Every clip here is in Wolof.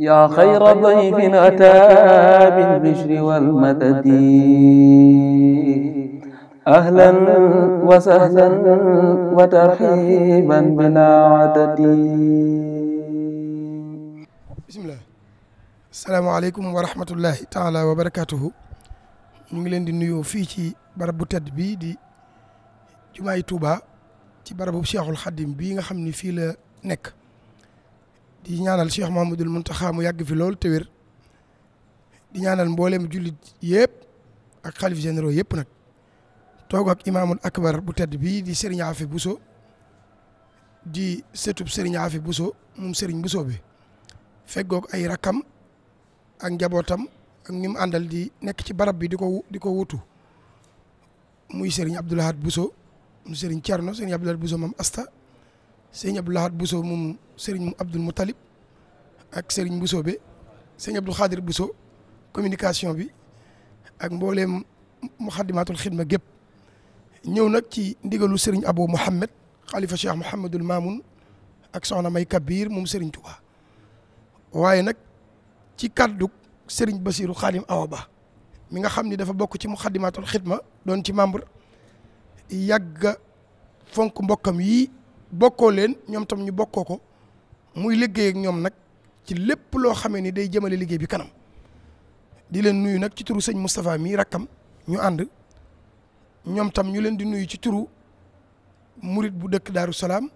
yaa xayra dayfin ataa bil bishri wal madadi wa sahlan wa tarxiiban bilaa adadi. bisimilah. salaamaaleykum wa rahmatullahi taala wa barakaatuhu. ñu ngi leen di nuyoo fii ci barab bu tedd bii di jumaay Tuuba ci barabu Cheikhul Xadim bii nga xam ni fii la nekk. di ñaanal Cheikh Mouhamadul Mountakha mu yàgg fi loolu te wér di ñaanal mboolem jullit yëpp ak xalif généraux yëpp nag toog ak imaamul akbar bu tedd bii di Serigne Afi Bousso di sëtub Serigne Afi Bousso moom Serigne Bousso bi feggoog ay rakkam ak njabootam ak ñi mu àndal di nekk ci barab bi di ko di ko wutu muy Serigne Abdoulahad Bousso mu Serigne Thierno Serigne Abdoulahad Bousso moom asta sëñ Abdou Lahad Bousso moom sëriñ Abdoul Moutalib ak sëriñ Bousso be sëñ Abdou Khadir buso communication bi ak mbooleem muxaddimaatul xidma gépp ñëw nag ci ndigalu sëriñ Abou Mouhamed xalifa Cheikh Mouhamadul Mamoun ak soxna May Kabir moom sëriñ Touba waaye nag ci kàddu sëriñ Basiru Xaadim Awa Ba mi nga xam ni dafa bokk ci muxaddimaatul xidma doon ci membre yàgg fonk mbokkam yi bokkoo leen ñoom tam ñu bokkoo ko muy liggéey ak ñoom nag ci lépp loo xamee ni day jëmale liggéey bi kanam di leen nuyu nag ci turu sëñ Moustapha mii rakkam ñu ànd ñoom tam ñu leen di nuyu ci turu murit bu dëkk Daaru Salaam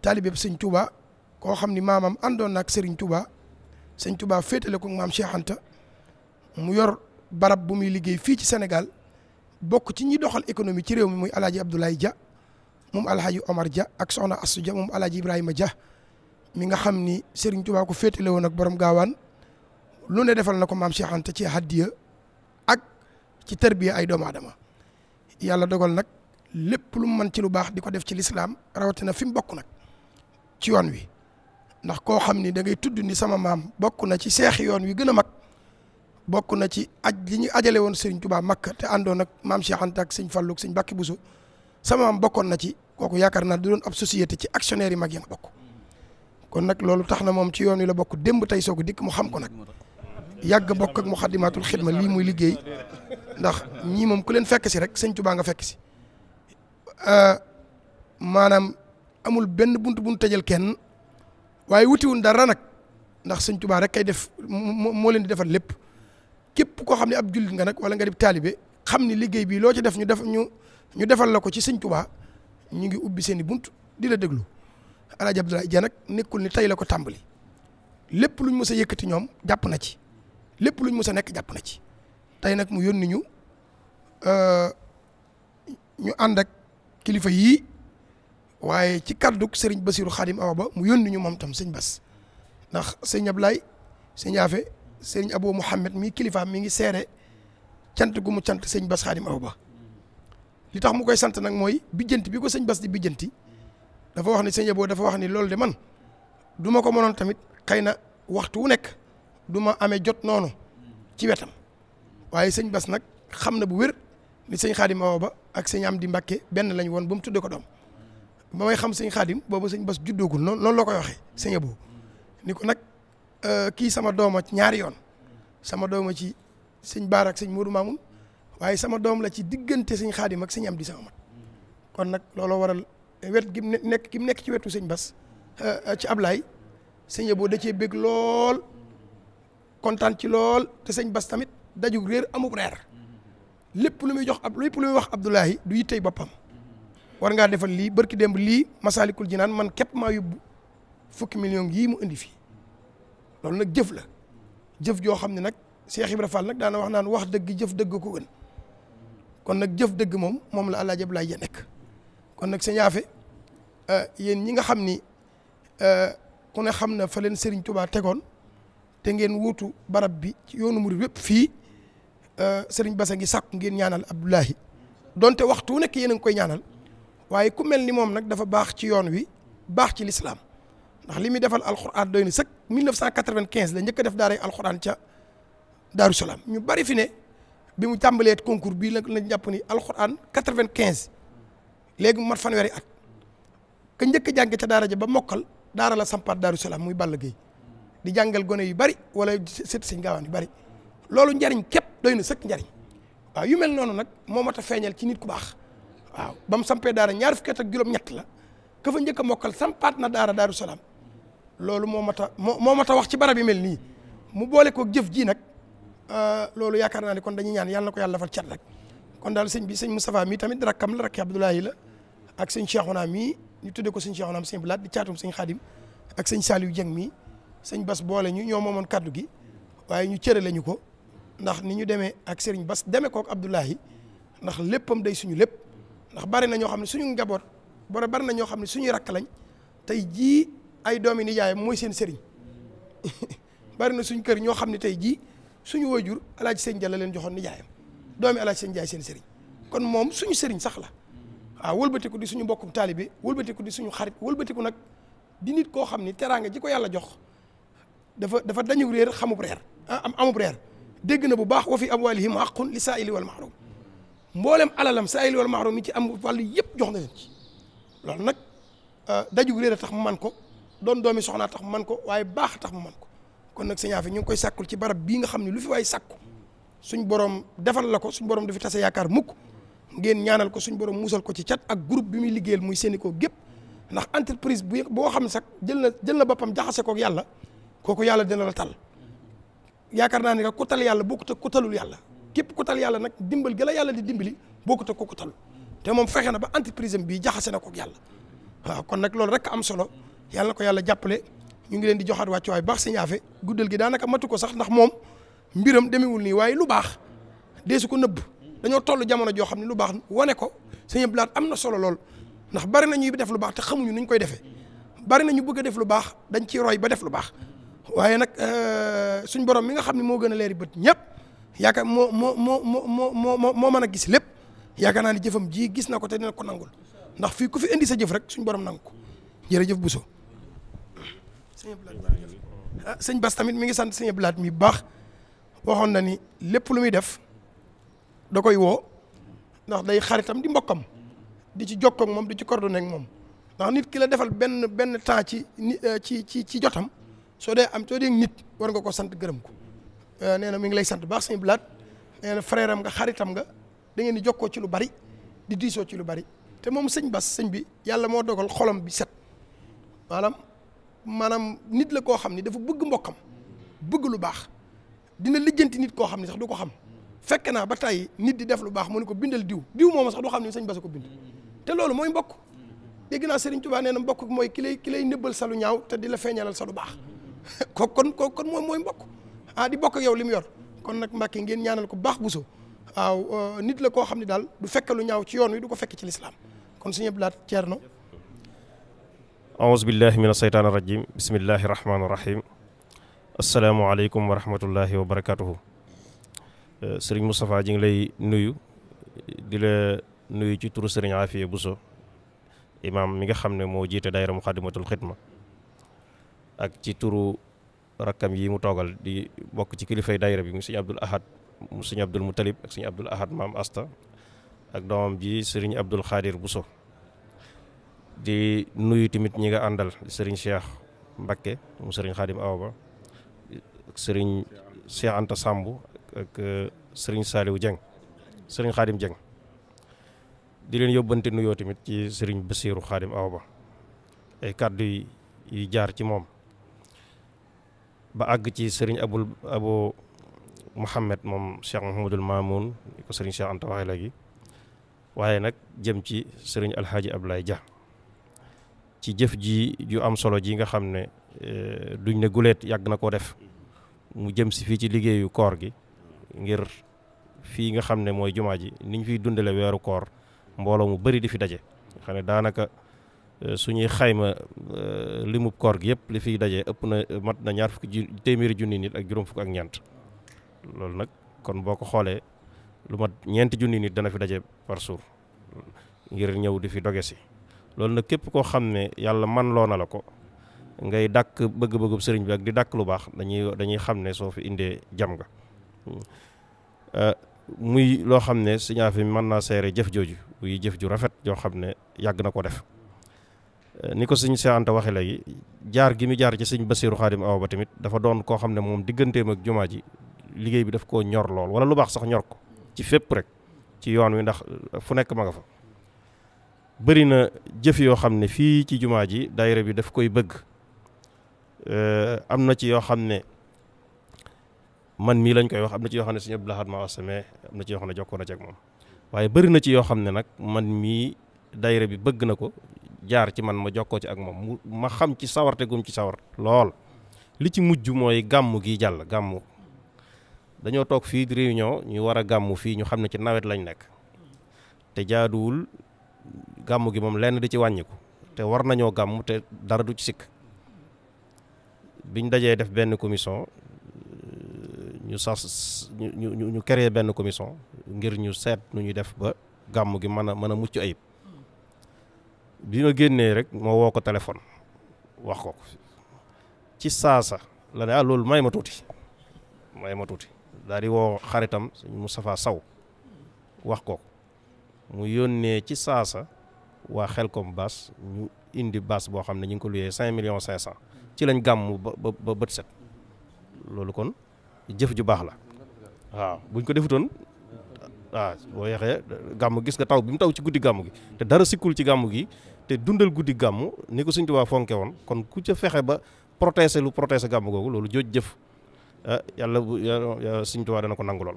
taalibe sëñ Touba koo xam ni maamam àndoon na ak Serigne Touba sëñ Touba féetale ko maam Cheikh mu yor barab bu muy liggéey fii ci senegal bokk ci ñi doxal économie ci réew mi muy El Hadj Abdoulaye Dia. moom alhaji Omar ja ak soxna Astou Dia moom alhaji Ibrahima Dia mi nga xam ni sëriñ tubaa ko féetale woon ak boroom gaawaan lu ne defal na ko maam Cheikh Anta ci haddiya ak ci tarbiya ay doomu aadama yàlla dogal nag lépp lu mën ci lu baax di ko def ci lislaam rawatina fi mu bokk nag ci yoon wi ndax koo xam ni da ngay tudd sama maam bokk na ci seexi yoon wi gën a mag bokk na ci aj li ñu ajale woon Serigne Touba Makka àndoon ak maam Cheikh Anta ak sëñ Fallou ak Bakki Bousso sama maam bokkoon na ci kooku yaakaar naa du doon ab société ci actionnaire yi mag yi ma bokk kon nag loolu tax na moom ci yoon wi la bokk démb tey soog a dikk mu xam ko nag yàgg bokk ak Muxaddamatul Xidma lii muy liggéey ndax ñii moom ku leen fekk si rek sëñ Tuubaa nga fekk si euh, amul benn buntu buntu tëjal kenn waaye wutiwun dara nag ndax sëñ Tuubaa rek kay def moo leen di defal lépp képp koo xam ne ab jullit nga nag wala nga di taalibe xam ni liggéey bi loo ci def ñu def ñu. ñu defal la ko ci sëñ Tuubaa ñu ngi ubbi seeni bunt di la déglu El Hadj Abdoulaye Dia nag nekkul ni tey la ko tàmbali lépp luñ mës a yëkkati ñoom jàpp na ci lépp luñ mës a nekk jàpp na ci tey nag mu yónni ñu euh, ñu ànd ak kilifa yii waaye ci kàddug sëriñ Basiru Xaadim Awa Ba mu yónni ñu moom tam sëñ Bas ndax sëñ Ablaye sëñ Yaafe sëriñ Abou Mouhamed mii kilifaam mi ngi seere cant gu mu cant sëñ Bas Xaadim Awa Ba li tax mu koy sant nag mooy bijjanti bi ko sëñ bas di bijjanti dafa wax ni sëñe Abo dafa wax ni loolu de man du ma ko mënoon tamit xëy na waxtu wu nekk duma ma amee jot noonu ci wetam waaye sëñ bas nag xam na bu wér ni sëñ Xaadim Awa Ba ak sëñ Amdi Mbàkke benn lañ woon ba mu tudde ko doom ba xam sëñ Xaadim boobu sëñ bas juddoogul noonu noonu la koy waxee sëñe Abo ni ko nag euh, kii sama dooma ñaari yoon sama dooma ci sëñ Baar ak sëñ Modou waaye sama doom la ci diggante sëñ xaadim ak sëñ am di sama mat kon nag looloo waral wet gi nekk gi mu nekk ci wetu sëñ bas eh, ci Ablaay sëñ boo da cee bëgg lool kontaan ci lool sëñ bas tamit dajug réer amub reer lépp lu muy jox ab lépp lu muy wax Abdoulahi du yittey boppam war ngaa defal lii barki demb lii Masaalikul Jinaan man képp maa yóbbu fukki million yii mu indi fii loolu nag jëf la jëf joo xam ne nag Cheikh Ibra Fall nag daana wax naan wax dëgg jëf dëgg ko gën kon nag jëf dëgg moom moom la El Hadj Abdoulaye nekk kon nag sëñ Afe euh, yéen ñi nga xam ni euh, ku ne xam na fa leen Serigne Touba tegoon te ngeen wuutu barab bi ci yoonu murid yëpp fii euh, Serigne Bassa ngi sàkku ngeen ñaanal Abdoulaye donte waxtu wu nekk yéen a ngi koy ñaanal waaye ku mel ni moom nag dafa baax ci yoon wi baax ci lislaam ndax li muy defal alxuraan doy na sëkk 1995 la njëkk a def daaray alxuraan ca Daaru Salaam ñu bari fi ne. bi mu tàmbalee concours bii la lañ jàpp nii alxuraan quatre-vingt-quinze léegi mu mat fanweeri at ka njëkk a jànge ca daara ja ba mokkal daara la sampaat daaru muy Balla Gueye di jàngal gone yu bari wala sët sëñ gaawaan yu bari loolu njariñ képp doy na sëkk njariñ waaw yu mel noonu nag moo mat a feeñal ci nit ku baax waaw ba mu sampee daara ñaar fukki at ak ñett la ka fa njëkk a mokkal sampaat na daara daaru loolu moo mat a moo moo mat a wax ci barab yu mel nii mu boole ko jëf ji nag. Euh, loolu yaakaar naa ne kon dañuy ñaan yàlla na ko yàlla defal cat rek kon daal sëñ bi sëñ Moustapha mii tamit rakkam la rakki Abdoulaye la ak sëñ Cheikhouna mii ñu tuddee ko sëñ Cheikhouna am sëñ Blaat di caatum sëñ Xaadim ak sëñ Saliou Dieng mii sëñ Bas boole ñu ñoo moomoon kaddu gi waaye ñu cërale ñu ko ndax ni ñu demee ak sëriñ Bas demee kook Abdoulaye ndax léppam day suñu lépp ndax bari na ñoo xam ne suñu njaboot boro bari na ñoo xam ne suñuy rakk lañ tey jii ay doomi nijaayam mooy seen sëriñ bari na suñ kër ñoo xam ne tey jii suñu waajur alaaji sëñ Jalla leen joxoon ni nijaayam doomi alaaji sëñ Jaay seen sëriñ kon moom suñu sëriñ sax la waaw ah, wëlbatiku di suñu mbokkum taalibe wëlbatiku di suñu xarit wëlbatiku nag di nit koo xam ni teraanga ji ko yàlla jox dafa dafa dañu réer xamub reer ah, am amub reer dégg na bu baax wa fi amwaalihim haqqun li saa'ili wal mahrum mboolem alalam saa'ili wal mahrum mi ci am wàllu yëpp jox na leen ci loolu nag ah, daju réer a tax mu man ko doon doomi soxnaa tax mu ko waaye baax tax mu man ko kon nag sëñ Afi ñu ngi koy sàkkul ci barab bii nga xam ne lu fi waay sàkku suñ borom defal la ko suñ borom du fi tase yaakaar mukk ngeen ñaanal ko suñ borom muusal ko ci cat ak groupe bi muy liggéeyal muy Sénico gépp ndax entreprise bu boo xam ne jël na jël na boppam jaxase kook yàlla kooku yàlla dina la tal yaakaar naa ne ku tal yàlla bokkut ak ku talul yàlla képp ku tal yàlla nag dimbal gi la yàlla di dimbali bokkut ak ku tal te moom fexe na ba entreprise am bii jaxase na kook yàlla waaw kon nag loolu rek am solo yàlla ko yàlla jàppale. ñu ngi leen di joxaat wàccuwaay baax sëñ Afe guddal gi daanaka matu ko sax ndax moom mbiram demewul nii waaye lu baax deesu ko nëbb dañoo toll jamono joo xam ne lu baax wane ko sëñ Abdou Lahad am na solo lool ndax bari na ñuy def lu baax te xamuñu nuñ koy defee bari na ñu def lu baax dañ ciy roy ba def lu baax waaye nag euh, suñ borom mi nga xam ne moo gën a leeri bët ñëpp yaakaar moo moo moo moo moo moo moo mën a gis lépp yaakaar naa ne jëfam ji gis na ko te dina ko nangul ndax fii ku fi indi sa jëf rek suñ borom nangu ko jërëjëf so sëñ Blaat sëñ Bas tamit mi ngi sant sëñ Blaat mi baax waxoon na ni lépp lu muy def da koy woo ndax day xaritam di mbokkam di ci jokkoo ak moom di ci coordonné ak moom ndax nit ki la defal benn benn temps ci euh, ci ci ci jotam soo dee am soo dee nit war nga ko sant gërëm ko euh, nee na mi ngi lay sant baax sëñ Blaat nee na nga xaritam nga dangeen ngeen di jokkoo ci lu bari di diisoo ci lu bari te moom sëñ Bas sëñ bi yàlla moo dogal xolam bi set maanaam nit la koo xam ni dafa bëgg mbokkam bëgg lu baax dina lijjanti nit koo xam ni sax du ko xam fekk naa ba tey nit di def lu baax mu ne ko bindal diw diw moom sax du xam ni sëñ Bass ko bind te loolu mooy mbokk dégg naa Serigne Touba nee na mbokk mooy ki lay ki lay sa lu ñaaw te di la feeñalal sa lu baax ko kon ko kon moom mooy mbokk ah di bokk yow li mu yor kon nag Mbàkke ngeen ñaanal ko baax bu so waaw euh, nit la koo xam ne daal du fekke lu ñaaw ci yoon wi du ko fekk ci lislaam kon sëñ Abdou ceer Thierno aus billahi min asheytaan irajim bismillahi rahmaani rahim asalaamualeykum wa rahmatullahi wa barakatuhu sëriñ Moustapha ji ngi lay nuyu di la nuyu ci turu sëriñ Afiya Buso imaam mi nga xam ne moo jiita daayira Muxaddamatul ak ci turu rakkam yi mu toogal di bokk ci kilifay daayira bi mu sëriñ Abdul Ahad mu Abdul Mutalib ak sëriñ Abdul Ahad maam Asta ak doomam ji sëriñ Abdul Xaadir Buso di nuyu tamit ñi nga àndal sëriñ Cheikh Mbakke mu sëriñ Xaadim Awa sëriñ Cheikh Anta Samb ak euh, sëriñ Saliou Dieng sëriñ Xaadim Dieng di leen yóbbante nuyoo tamit ci sëriñ Basiiru Xaadim Awa ay kàddu yu jaar ci moom ba àgg ci sëriñ Abul Abu Mouhamed moom Cheikh Mouhamadul Mamoun ko sëriñ Cheikh Anta waxee léegi waaye nag jëm ci sëriñ Alxaaji Ablaye Dia ci jëf ji ju am solo ji nga xam ne eh, duñ ne guleet yàgg na ko def mu jëm si fii ci liggéeyu koor gi ngir fii nga xam ne mooy jumaa ji niñ fiy dundale weeru koor mbooloo mu bari di fi daje xam ne daanaka eh, suñuy xayma eh, limub koor gi yëpp li fiy daje ëpp na mat na ñaar fukki téeméeri junni nit ak juróom fukk ak ñeent loolu nag kon boo ko xoolee lu mat ñeenti junni nit dana fi daje par jour ngir ñëw di fi doge si loolu nag képp koo xam ne yàlla man loo na la ko ngay dàkk bëgg-bëggub sëriñ bi ak di dàkk lu baax dañuy dañuy xam ne soo fi indee jam nga hmm. euh, muy loo xam ne Sëriñ Afi mën naa seere jëf jooju muy jëf ju rafet joo xam ne yàgg na ko def euh, ni ko sëñ Seex Anta waxe léegi jaar gi mu jaar ci sëñ Basiiru Xaadim Awa Ba tamit dafa doon koo xam ne moom digganteem ak jumaa ji liggéey bi daf koo ñor lool wala lu baax sax ñor ko ci fépp rek ci yoon wi ndax fu nekk ma nga fa bëri na jëf yoo xam ne fii ci jumaa ji daayira bi daf koy bëgg eh, am na ci yoo xam ne man mii lañ koy wax am na ci yoo xam ne suñu Abdou Lahad maa wasamee am na ci yoo xam ne jokkoo na ci ak moom waaye bëri na ci yoo xam ne nag man mii daayira bi bëgg na ko jaar ci man ma jokkoo ci ak moom ma xam ci sawarte gum ci sawar lool li ci mujj mooy gàmm gi jàll gàmm dañoo toog fii di réunion ñu war a gàmm fii ñu xam ne ci nawet lañ nekk te jaaduwul gàmm gi moom lenn di ci wàññiku te war nañoo gàmm te dara du ci sikk biñ dajee def benn commission euh, ñu sas ñu ñu ñu créé benn commission ngir ñu seet nu ñuy def ba gàmm gi mën a mën a mucc ayib bi ma génnee rek moo woo ko téléphone wax ko ci saasa la ne ah loolu may ma tuuti may ma tuuti daal di woo xaritam Moustapha Saw wax ko mu yónnee ci saasa. waa Xelkom baas ñu indi baas boo xam ne ñu ngi ko luyee cinq millions cinq cent ci lañ gàmm ba ba bët set loolu kon jëf ju baax la waaw buñ ko defutoon waaw boo yeexee gàmm gis nga taw bi mu taw ci guddi gàmm gi te dara sikkul ci gàmm gi te dundal guddi gàmmu ni ko Sëñ Tuubaa fonke woon kon ku ca fexe ba protéger lu protéger gàmm googu loolu jooj jëf ah, yàlla bu Sëñ Tuubaa dana ko nangu lool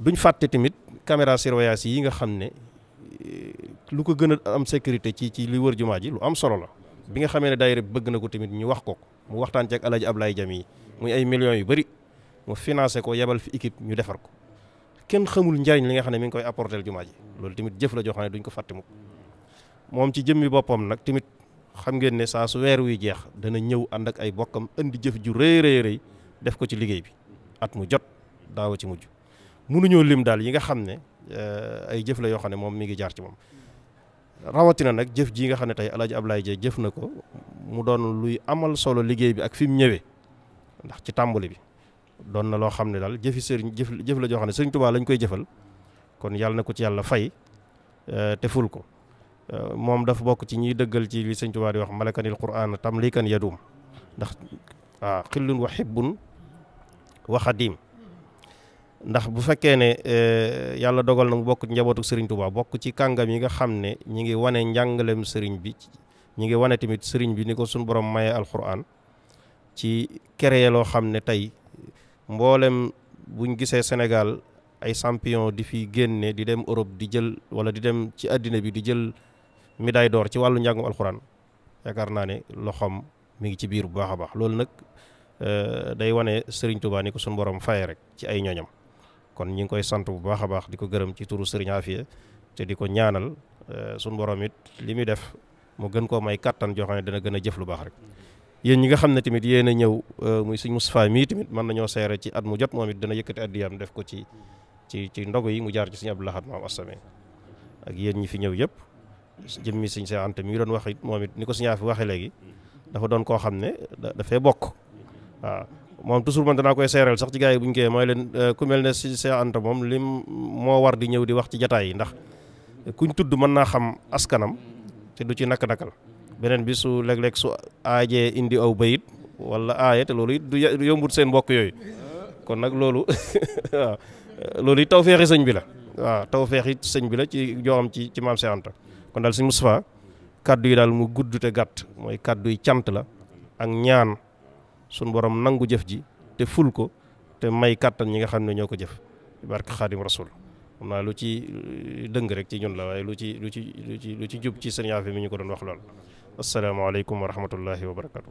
duñ fàtte tamit caméra surveillance yi nga xam ne lu ko gën am sécurité ci ci li wër jumaa ji lu am solo la bi nga xamee ne daayira bi bëgg na ko tamit ñu wax ko mu waxtaan ci ak Alaaji Ablaye Jami muy ay million yu bëri mu financé ko yebal fi équipe ñu defar ko kenn xamul njariñ li nga xam ne mi ngi koy apporter jumaa loolu tamit jëf la joo xam ne duñ ko fàtte moom ci jëmmi boppam nag tamit xam ngeen ne saa su weer wuy jeex dana ñëw ànd ak ay bokkam indi jëf ju rëy rëy rëy def ko ci liggéey bi at mu jot daawa ci mujj mënuñoo lim daal yi nga xam ne euh, ay jëf la yoo xam ne moom mi ngi jaar ci moom rawatina nag jëf ji nga xam ne tey El Hadj Abdoulaye Dieye jëf na ko mu doon luy amal solo liggéey bi ak fi mu ñëwee ndax ci tàmbali bi doon na loo xam ne daal jëfi sëriñ jëf jëf la joo xam ne sëriñ Tuubaa lañ koy jëfal kon yàlla na ko ci yàlla fay euh, te ful ko euh, moom dafa bokk ci ñuy dëggal ci li sëriñ Tuubaa di wax malakanil quraan tamlikan yadum ndax waaw ah, xillun wa hibbun wa ndax bu fekkee ne euh, yàlla dogal na mu bokk ci njabootu Serigne bokk ci kàngam yi nga xam ne ñi ngi wane njàngaleem Serigne bi ñi ngi wane tamit Serigne bi ni ko suñu borom maye alxuraan ci créer loo xam ne tey mboolem buñ gisee Sénégal ay champion di fi génne di dem Europe di jël wala di dem ci àddina bi di jël médaille d'or ci wàllu njàngum alxuraan yaakaar naa ne loxom mi ngi ci biir bu baax a baax loolu nag euh, day wane Serigne Touba ni ko suñ borom faye rek ci ay ñoñam. kon ñu ngi koy sant bu baax a baax di ko gërëm ci turu sëriñ Afia te di ko ñaanal eh, suñu borom li muy def mu gën koo may kattan joo ne dana gën a jëf lu baax rek. yéen ñi nga xam ne tamit yéen a ñëw eh, muy sëñ Moustapha mii tamit mën nañoo seere ci at mu jot moom it dana yëkkati addiyam def ko ci ci ci ndogu yi mu jaar ci sëñ Abdou Lahad maam Assame ak yéen ñi fi ñëw yëpp mi sëñ Seex ant mi doon wax it moom it ni ko sëñ Afia waxee léegi dafa doon koo xam ne dafay bokk moom toujours man danaa koy seereel sax ci gars yi bu ñu koy mooy leen euh, ku mel si Cheikh Anta moom lim moo war di ñëw di wax ci jataay yi ndax kuñ tudd mën naa xam askanam te du ci nakk-nakal beneen bi su léeg-léeg su aajee indi aw bayit wala aaye te loolu it du yombut seen mbokk yooyu kon nag loolu waaw loolu it tawfeexi sëñ bi la taw tawfeexi sëñ bi la ci joo ci ci maam Cheikh Anta kon daal sëñ Moustapha kaddu yi daal mu gudd te gàtt mooy kaddu yi cant la ak ñaan sunu borom nangu jëf ji te ful ko te may kàttan ñi nga xam ne ñoo ko jëf barke xaadim rasul xam naa lu ci euh, dëng rek ci ñun la waaye lu ci lu ci lu ci lu ci jub ci sëñ Afi mi ñu ko doon wax lool asalaamaaleykum wa rahmatullahi wa barakatu